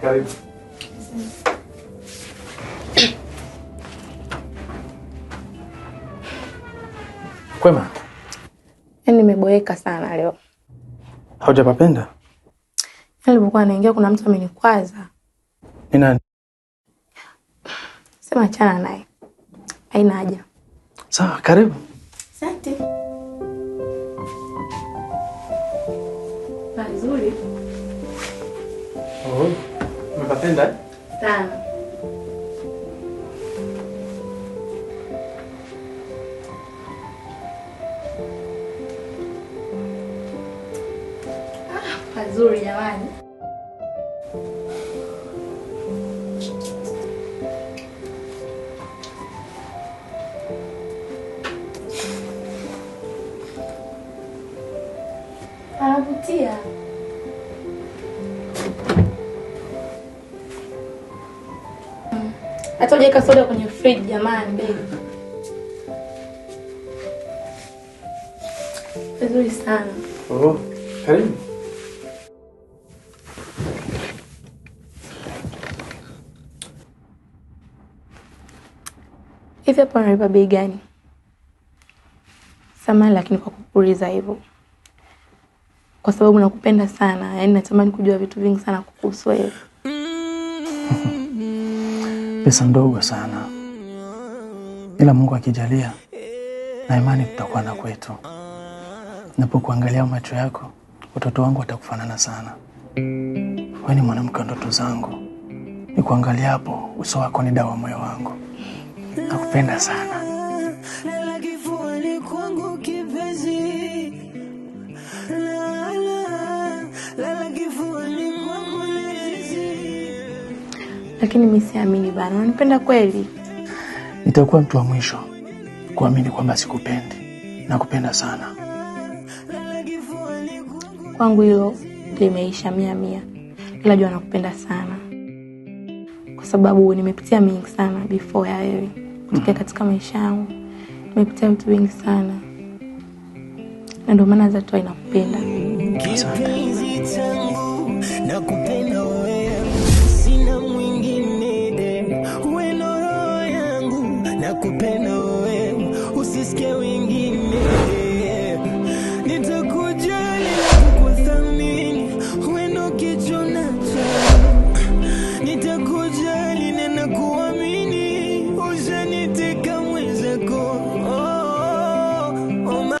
Karibu. Kwema? Yaani nimeboeka sana leo. Haujapapenda? Yaani nilipokuwa naingia kuna mtu amenikwaza. Ni nani? Sema achana naye. Haina haja. Sawa, karibu. Asante. Unapenda eh? Sana. Ah, pazuri jamani. Anavutia. Hata hujaweka soda kwenye fridge jamani, baby. Vizuri sana. Oh, karibu. Hivi hapa unalipa bei gani? Samahani lakini kwa kukuuliza hivyo, kwa sababu nakupenda sana, yaani natamani kujua vitu vingi sana kukuhusu wewe. Mm-hmm pesa ndogo sana, ila Mungu akijalia na imani tutakuwa na kwetu. Napokuangalia macho yako, watoto wangu watakufanana sana. Wewe ni mwanamke wa ndoto zangu, nikuangalia hapo uso wako ni dawa moyo wangu. Nakupenda sana. lakini mi siamini bana, unanipenda kweli? Nitakuwa mtu wa mwisho kuamini kwamba sikupendi. Nakupenda sana. Kwangu hilo limeisha mia mia, ila jua nakupenda sana kwa sababu nimepitia mingi sana before ya wewe kutokea mm-hmm. katika maisha yangu. Nimepitia vitu vingi sana, na ndio maana Zatua inakupenda. Asante hakuna mwingine de uwe ndo roho yangu na kupenda wewe, usisikie wengine